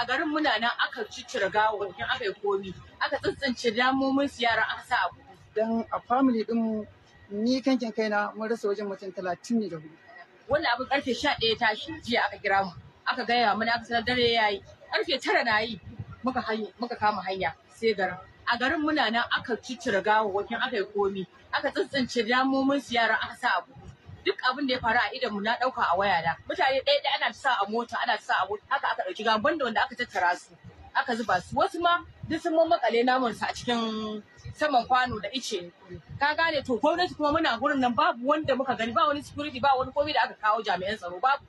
a garin muna nan aka ciccire wajen aka yi komi aka tsintsince damomin su yaran aka sa abu dan a family din ni kankin kaina mun rasa wajen mutum talatin ne da hudu wanda abin karfe sha ɗaya tashi jiya aka kira mu aka gaya mana aka sanar dare yayi karfe tara na yi muka kama hanya sai garin a garin muna nan aka ciccire wajen aka yi komi aka tsintsince damomin su yaran aka sa abu duk abin da ya faru a idan mu na dauka a waya da. mutane ɗaya ɗaya ana sa a mota ana sa a mota haka aka dauki gaban da wanda aka tattara su aka zuba su wasu ma duk sun makale namun su a cikin saman kwano da ice ka gane to gwamnati kuma muna gurin nan babu wanda muka gani ba wani security ba wani komai da aka kawo jami'an tsaro babu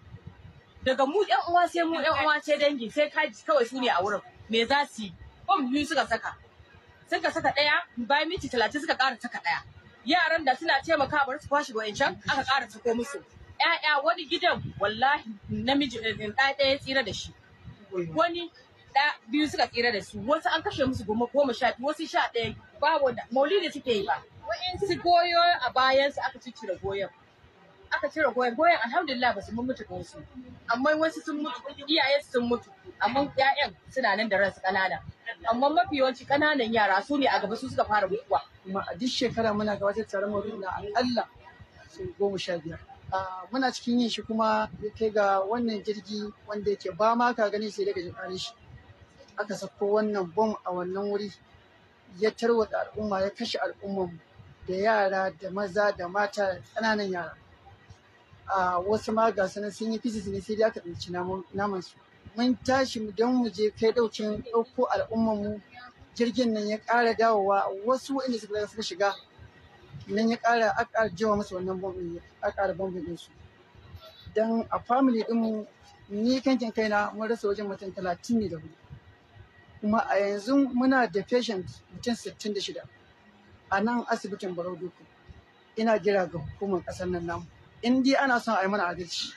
daga mu yan uwa sai mu yan uwa sai dangi sai kaji kawai su ne a wurin me za su yi bom biyu suka saka suka saka ɗaya bayan minti talatin suka kara saka ɗaya yaran da suna taimaka bar su kwashe wayancan aka ƙara sako musu ƴaƴa wani gidan wallahi namiji eh, eh, ɗaya ɗaya tsira da shi wani da biyu suka tsira da su wasu an kashe musu goma goma sha biyu wasu sha ɗaya ba wanda maulidi suke yi ba wa'insu goyo a bayansu aka ciccire goyon aka cire goyon goyon alhamdulillah ba su mun mutu wasu amma wasu sun mutu iyaye sun mutu amma ƴaƴan suna nan da ransu ƙanana amma mafi yawanci kananan yara su ne a gaba su suka fara bukuwa. kuma a duk shekara muna gabatar taron maulidi na akalla su goma sha biyar muna cikin yin shi kuma ya kai ga wannan jirgi wanda yake ba ma ka gani sai daga jikarin shi aka sako wannan bom a wannan wuri ya tarwata al'umma ya kashe al'umman da yara da maza da mata kananan yara wasu ma ga sun yi fisis ne sai dai aka ɗauki naman su mun tashi don mu je kai ɗaukin ɗauko al'ummar mu jirgin nan ya ƙara dawowa wasu inda suka suka shiga nan ya ƙara a ƙara jewa masa wannan bombin a ƙara bombin din su dan a family din mu ni kankin kaina mun rasa wajen mutum talatin ne da hudu kuma a yanzu muna da patient mutum sittin da shida a nan asibitin barau ina jira ga hukumar ƙasar nan namu in dai ana son a yi mana adalci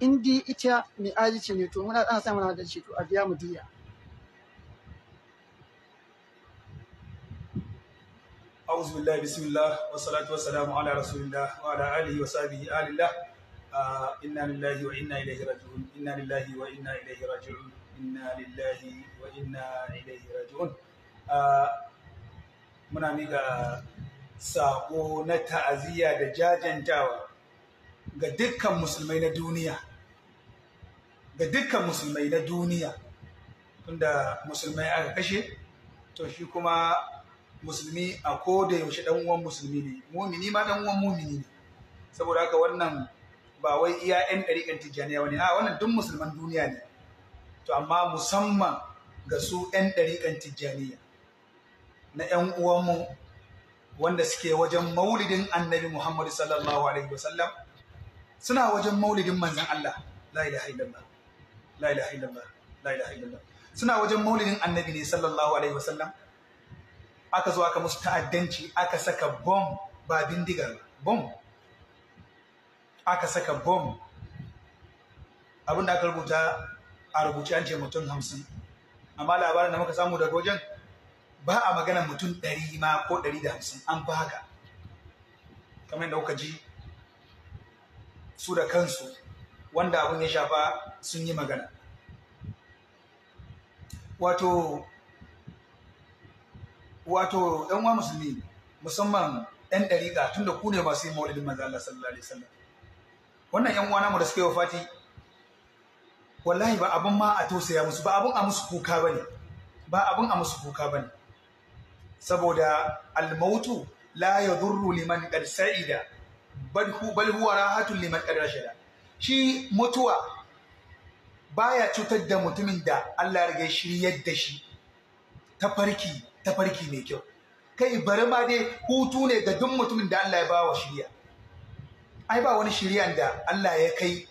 in di ita mai adalci ne to muna ana sa adalci to a biya mu diya أعوذ بالله بسم الله والصلاة والسلام على رسول الله وعلى آله وصحبه آل الله إنا لله وإنا إليه راجعون إنا لله وإنا إليه راجعون إنا لله وإنا إليه راجعون muna miƙa saƙo na ta'aziyya da jajantawa ga dukkan musulmai na duniya da dukkan musulmai na duniya tunda musulmai aka kashe to shi kuma musulmi a ko da yaushe dan uwan musulmi ne mumini ma dan uwan mumini ne saboda haka wannan ba wai iya yan ɗariƙan tijjaniya wani a wannan duk musulman duniya ne to amma musamman ga su yan ɗariƙan tijjaniya na yan uwanmu wanda suke wajen maulidin annabi Muhammadu sallallahu alaihi wasallam suna wajen maulidin manzan Allah la ilaha illallah suna wajen maulidin annabi ne sallallahu alaihi wasallam aka zo aka musu ta'addanci aka saka bom ba bindigar bom aka saka bom abinda aka rubuta a rubuce an ce mutum hamsin amma labarin da muka samu daga wajen ba a magana mutum ɗari ma ko ɗari da hamsin an ba haka kamar yadda kuka ji su da kansu wanda abin ya shafa sun yi magana wato wato ɗan wa musulmi musamman ɗan ɗariƙa tun da ku ne masu yi maulidin maza Allah sallallahu alaihi wasallam wannan ƴan uwana mu da suka yi wafati wallahi ba abun ma a tausaya musu ba abin a musu kuka bane ba abun a musu kuka bane saboda almautu la yadurru liman qad sa'ida bal huwa rahatun liman qad shi mutuwa baya cutar da mutumin da Allah rage shiryar da shi ta farki, ta farki mai kyau kai bari ma dai hutu ne ga duk mutumin da Allah ya ba wa shirya ai ba wani shiryan da Allah ya kai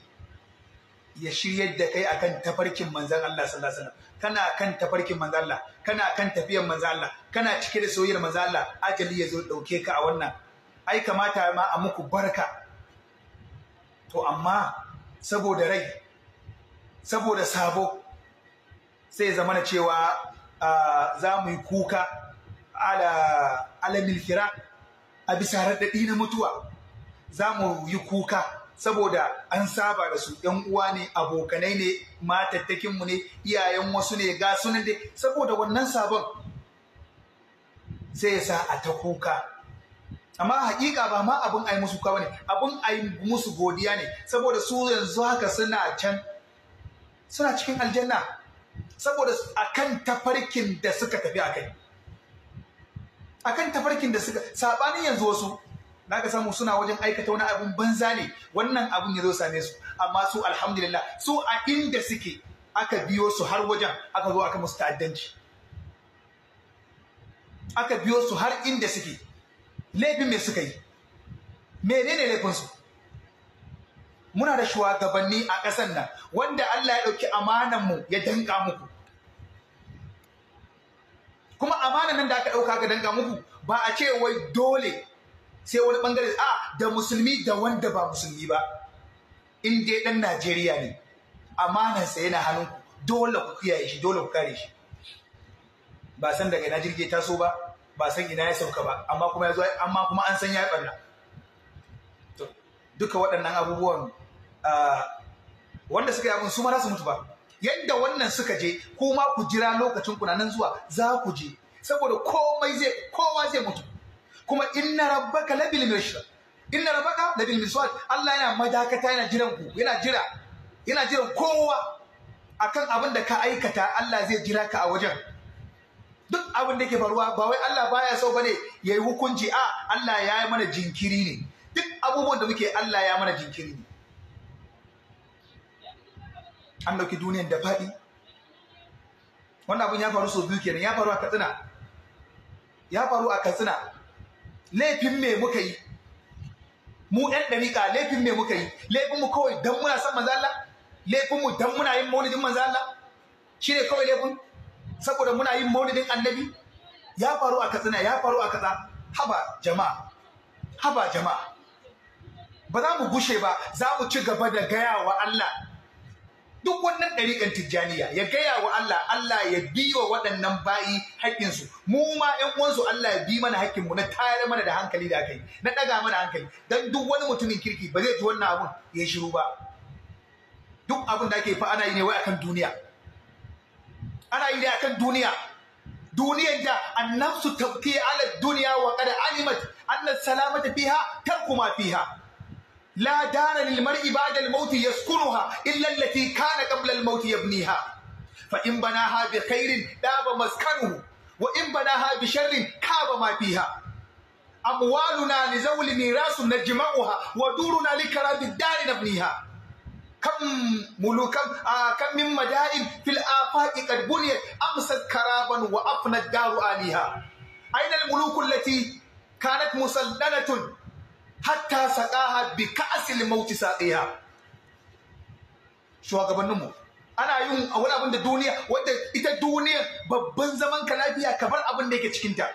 ya shiryar da kai akan tafarkin manzan Allah sallallahu alaihi wasallam kana kan tafarkin manzan Allah kana kan tafiyar manzan Allah kana cike da soyayyar manzan Allah ajali ya zo dauke ka a wannan ai kamata ma a muku barka to amma saboda rai saboda sabo sai zama na cewa za mu yi kuka ala alamil kira a bisa raɗaɗi na mutuwa za mu yi kuka saboda an saba da su ‘yan uwa ne abokanai ne matattakinmu ne iyayen wasu ne ga sunan dai saboda wannan sabon sai ya sa a ta kuka amma hakika ba ma abun yi musu kawai ne a yi musu godiya ne saboda su yanzu haka suna can suna cikin aljanna saboda akan tafarkin da suka tafi akai akan tafarkin da suka sabanin yanzu wasu naka samu suna wajen aikata wani abun banza ne wannan abun ya zo same su amma su alhamdulillah su a inda suke aka biyo su har wajen aka zo aka musu ta'addanci aka biyo su har inda suke laifin mai suka yi ne laifinsu muna da shugabanni a ƙasan nan wanda Allah ya ɗauki amananmu ya danka muku kuma amanan nan da aka ɗauka ga danka muku ba a ce wai dole sai wani ɓangare a da musulmi da wanda ba musulmi ba in dai ɗan Najeriya ne amanansa yana hannunku dole ku kiyaye shi dole ku kare shi ba san daga na jirge taso ba ba san ina ya sauka ba amma kuma ya zo amma kuma an san ya barna to duka waɗannan abubuwan wanda suka yi abin su ma za su mutu ba yadda wannan suka je kuma ku jira lokacin ku nan zuwa za ku je saboda komai zai kowa zai mutu kuma inna rabbaka labil mirshad inna rabbaka labil mirshad Allah yana madakata yana jiran ku yana jira yana jiran kowa akan abin da ka aikata Allah zai jira ka a wajen duk abin da ke faruwa ba wai Allah baya so bane yayi hukunci a Allah ya yi mana jinkiri ne duk abubuwan da muke Allah ya mana jinkiri ne an dauki duniyan da faɗi wannan abin ya faru sau biyu kenan ya faru a Katsina ya faru a Katsina laifin me muka yi mu ɗan ɗariƙa laifin me muka yi laifin mu kawai don muna son manzo Allah laifin mu muna yin maulidin manzo Allah shine kawai laifin saboda muna yin maulidin annabi ya faru a katsina ya faru a katsa haba jama'a haba jama'a ba za mu gushe ba za mu ci gaba da gaya wa Allah duk wannan ɗariƙan tijjaniya ya gaya wa Allah Allah ya bi wa waɗannan bayi haƙƙinsu mu ma ƴan uwansu Allah ya bi mana haƙƙinmu na tayar mana da hankali da aka na ɗaga mana hankali dan duk wani mutumin kirki ba zai ji wannan abun ya shiru ba duk abun da ake fa ana yi ne wai akan duniya ana yi ne akan duniya duniyar da annafsu tabki ala duniya wa qad alimat anna salamata fiha tarku ma fiha la dara lil mar'i ba'da al maut yaskunuha illa allati kana qabla al maut yabniha fa in banaha bi khairin daba maskanuhu wa in banaha bi sharrin kaba ma fiha amwaluna li zawli mirasun najma'uha wa duruna li karabid dari nabniha كم ملوكا آه كم من مدائن في الآفاق قد بنيت أمست كرابا وأفنى الدار عليها أين الملوك التي كانت مسللة حتى سقاها بكأس الموت ساقيها shugabanninmu ana yin wani abin da duniya wadda ita duniya babban zaman ka lafiya ka bar abin da yake cikinta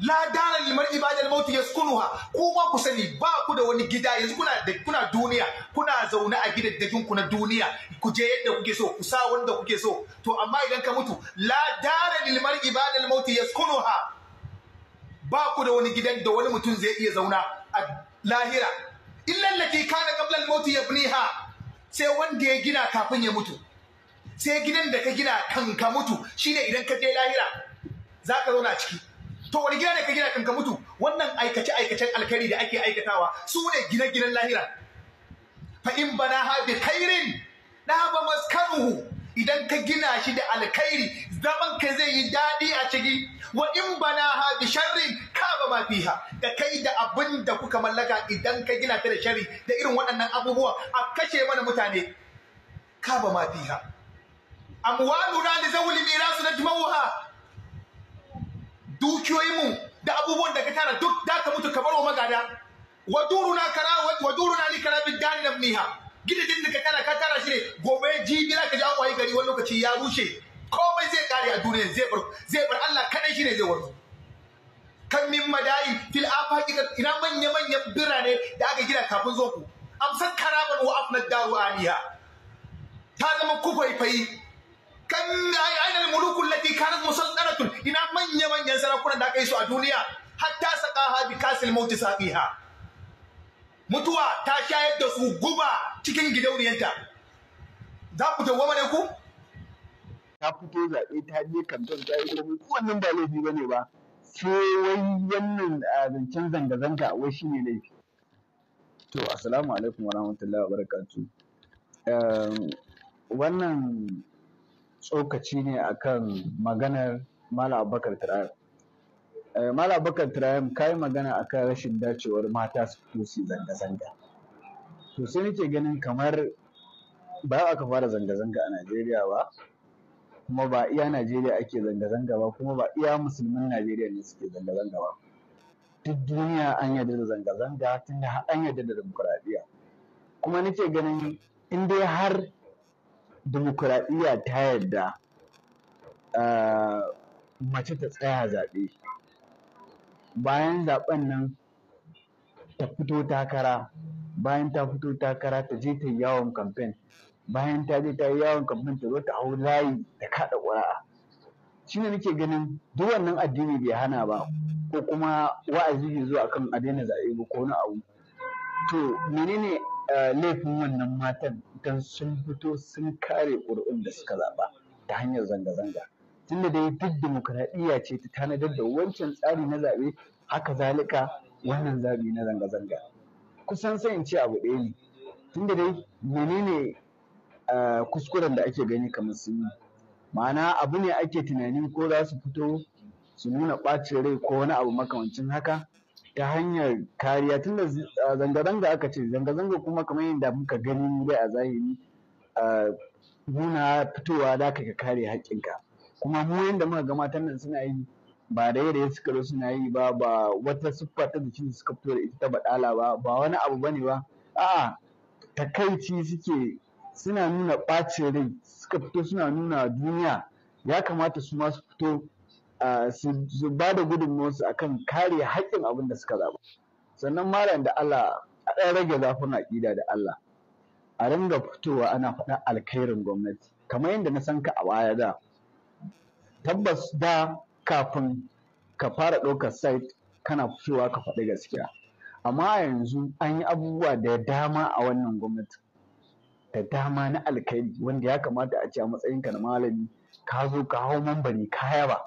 la dara mautu ya mauti yaskunuha kuma ku sani ba ku da wani gida yanzu kuna kuna duniya kuna zaune a gidaddakin ku na duniya ku je yadda kuke so ku sa wanda kuke so to amma idan ka mutu la dara mautu ya sukunu ha ba ku da wani gidan da wani mutum zai iya zauna a lahira illa lati kana qabla al-maut yabniha sai wanda ya gina kafin ya mutu sai gidan da ka gina kanka mutu shine idan ka je lahira zaka zauna ciki to wani gina ne ka gina kanka mutu wannan aikace aikacen alkhairi da ake aikatawa su ne gine ginen lahira fa in bana ha bi khairin da ba maskanuhu idan ka gina shi da alkhairi zaman ka zai yi daɗi a ciki wa in bana ha bi ka ba ma fiha da kai da abin da kuka mallaka idan ka gina ta da sharri da irin waɗannan abubuwa a kashe mana mutane ka ba ma fiha amwaluna li zawli mirasu jimawa. dukiyoyinmu da abubuwan da ka tara duk da ka mutu ka bar wa magada wa duruna kara wa duruna li kara bi gidadin da ka tara ka tara shi ne gobe jibi ka ji an wayi gari wani lokaci ya rushe komai zai kare a duniya zai bar zai bar Allah kadai shi ne zai warzu kan min madai fil afaqi ina manya manyan birane da aka gina kafin zo ku amsan karaban wa afnad daru aliya ta zama kufai fai kan ainihin mulukun lati kanat musaltanatun ina manya manyan sarakunan da aka yi su a duniya hatta saqaha bi kasil mauti saqiha mutuwa ta shayar da su guba cikin gidauniyanta za ku dawwama ne ku ta fito zaɓe ta je kamfen ta yi komai wannan ba laifi ba ne ba sai wai wannan zancen zanga-zanga wai shi ne laifi to assalamu alaikum wa rahmatullahi wa barakatuh wannan tsokaci ne akan maganar Malam Abubakar Tirayam. Eh, Malam Abubakar Tirayam ka yi magana akan rashin dacewar mata su fito su zanga-zanga. To sai nake ganin kamar ba aka fara zanga-zanga a Najeriya ba, kuma ba iya Najeriya ake zanga-zanga ba, kuma ba iya musulmin Najeriya ne suke zanga-zanga ba. Duk duniya an yarda da zanga-zanga tunda an yarda da demokuraɗiyya. Kuma nake ganin in dai har dimokuraɗiyya ta yarda ah, mace ta tsaya zaɓe bayan zaɓen nan ta fito takara bayan ta fito takara ta je ta yi yawon kamfen bayan ta je ta yi yawon kamfen ta zo ta hau layi ta kaɗa ƙuri'a shi ne nake ganin duk wannan addini bai hana ba ko kuma wa'azi bai zo akan a daina zaɓe ba ko wani abu to menene Eh, laifin wannan matan don sun fito sun kare ƙuri'un da suka zaɓa ta hanyar zanga-zanga tunda dai duk dimokuraɗiyya ce ta tanadar da wancan tsari na zaɓe haka zalika wannan zaɓe na zanga-zanga kusan sai in ce abu ɗaya ne tunda dai menene eh, kuskuren da ake gani kamar sun yi ma'ana abu ne ake tunanin ko za su fito su nuna ɓacin rai ko wani abu makamancin haka ta hanyar kariya tunda zanga-zanga aka ce zanga-zanga kuma kamar yadda muka gani dai a zahiri nuna fitowa za ka kare haƙƙinka kuma mu yadda muka ga matan nan suna yi ba da yadda suka zo suna yi ba ba wata siffa ta jikin suka fito da ita ta baɗala ba ba wani abu ba ne ba a'a takaici suke suna nuna ɓacin rai suka fito suna nuna duniya ya kamata su ma su fito su ba da gudunmuwarsu a kan kare haƙƙin abin da suka zaɓa sannan malam da Allah a ɗan rage zafin aƙida da Allah a ringa fitowa ana faɗa alkhairin gwamnati kamar yadda na san ka a baya da tabbas da kafin ka fara ɗaukar site kana fitowa ka faɗi gaskiya amma yanzu an yi abubuwa da dama a wannan gwamnati da dama na alkhairi wanda ya kamata a ce a matsayinka na malami ka zo ka hau mambari ka yaba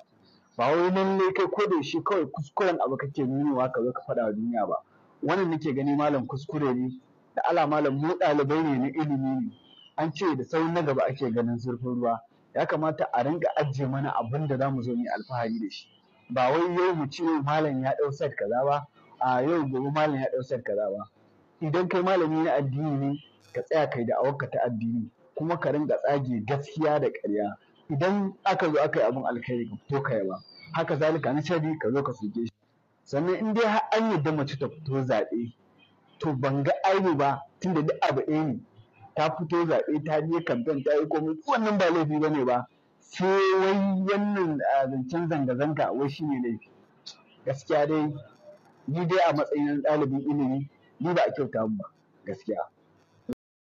ba wai lallai kai ko da shi kawai kuskuren abu kake nunawa ka zo ka faɗa wa duniya ba wannan nake gani malam kuskure ne da ala malam mu ɗalibai ne na ilimi ne an ce da sauran na gaba ake ganin zurfin ruwa ya kamata a ringa ajiye mana abin da zamu zo mu alfahari da shi ba wai yau mu ce malam ya ɗau sai kaza ba a yau gobe malam ya ɗau sai kaza ba idan kai malami na addini ne ka tsaya kai da awarka ta addini kuma ka ringa tsage gaskiya da ƙarya idan aka zo aka yi abin alkhairi ka fito ka ba haka zalika na shari ka zo ka soke shi sannan in dai har an yadda mace ta fito zaɓe to ban ga aibu ba tunda duk abu ɗaya ne ta fito zaɓe ta je kamfen ta yi komai wannan ba laifi ba ne ba sai wai wannan zancen zanga-zanga wai shi ne laifi gaskiya dai ni dai a matsayin ɗalibin ilimi ni ba a kyauta ba gaskiya